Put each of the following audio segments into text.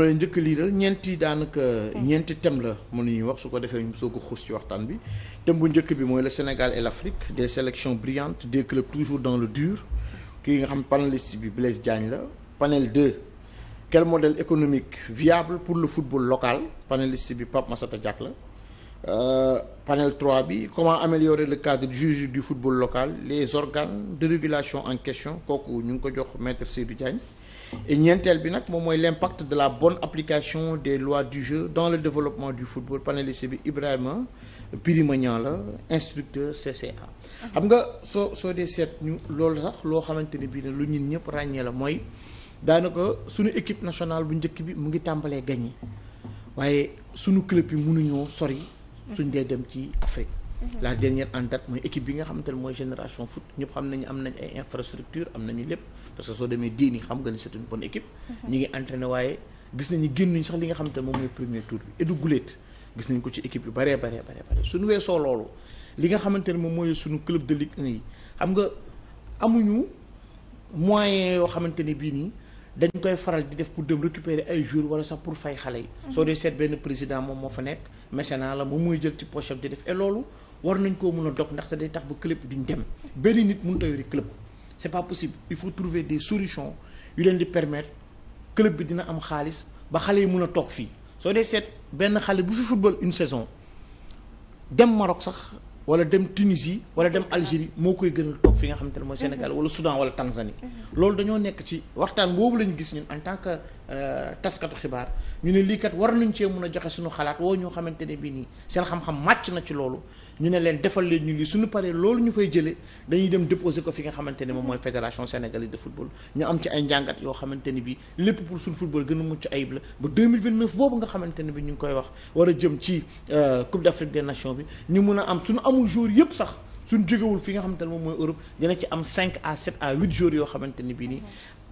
ma lay lii dal ñeenti daanaka ñeenti thème la mën nañuy wax su ko defee soo soog xuus ci waxtaan bi thème bu njëkk bi mooy le Sénégal et l'Afrique des sélections brillantes des clubs toujours dans le dur kii nga xam panéliste bi Blaise Diagne la panel 2 quel modèle économique viable pour le football local panéliste bi Pape Massata Diack la Euh, panel 3 bi comment améliorer le cadre juridique du football local les organes de régulation en question kooku ñu ngi ko jox maître Seydou Diagne et ñeenteel bi nag moom mooy l'impact de la bonne application des lois du jeu dans le développement du football panéliste bi Ibrahima Birima Niang la instructeur CCA xam nga soo soo dee seet ñu loolu sax loo xamante ne bii ne lu ñun ñëpp ràññee la mooy daanaka suñu équipe nationale bu njëkk bi mu ngi tàmbalee gagné waaye suñu club yi mënuñoo sori suñ dee dem ci Afrique Mm-hmm. la dernière en date mooy équipe bi nga xamante ne mooy génération foot ñëpp xam nañu am nañ ay infrastructure am nañu lépp parce que soo demee diini xam nga ni c'est une bonne équipe. Mm-hmm. ñu ngi entraîné waaye gis nañu génnuñ sax li nga xamante ne moom mooy premier tour bi edu guléet ko ci équipe yu baree baree baree bare suñu weesoo loolu li nga xamante ne moom mooy suñu club de Ligue 1 yi xam nga amuñu moyen yoo xamante ne bii nii. dañ koy faral di def pour dem récupérer ay jours wala sax pour fay xale yi. Mm-hmm. soo dee seet benn président moom moo fa nekk naa la moom mooy jël ci def et loolu war nañ koo mën a dog ndaxte day tax ba club duñu dem benn nit mënut a yori club c'est pas possible il faut trouver des solutions yu leen di permettre club bi dina am xaalis ba xale yi mun a toog fii soo dee seet benn xale bu fi football une saison dem Maroc sax wala dem Tunisie wala dem Algérie moo koy gënal toog fi nga xamante ne mooy Sénégal mhm. wala Soudan wala Tanzanie mhm. loolu dañoo nekk ci waxtaan boobu lañu gis ñun en tant que Euh, taskatu xibaar ñu ne lii kat war nañ cee mun a joxe suñu xalaat woo ñoo xamante ne bii nii seen xam-xam màcc na ci loolu ñu ne leen defal leen ñu lii suñu paree loolu ñu fay jëlee dañuy dem déposer ko fi nga xamante ne moom mooy fédération sénégalaise de football ñu am ci ay njàngat yoo xamante ne bii lépp pour suñu football gën a mucc ayib la ba 2029 boobu nga xamante ne bi ñu ngi koy wax war a jëm ci euh, coupe d'Afrique des nations bi ñu mun a am suñu amul jour yëpp sax suñ jógewul fi nga xamante ne moom mooy Europe dina ci am 5 à 7 à 8 jours yoo xamante ni bii nii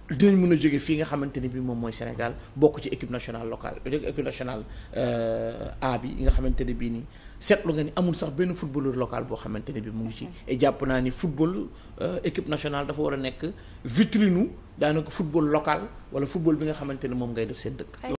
dinañ mën a jóge fii nga xamante ni bi moom mooy Sénégal bokk ci équipe nationale locale équipe nationale euh, A bi yi nga xamante ne bii nii seetlu nga ni amul sax benn footballeur locale boo xamante ne bi mu ngi ci jàpp naa ni football euh, équipe nationale dafa war a nekk vitrine daanaka football local wala football bi nga xamante ne moom ngay def seen dëkk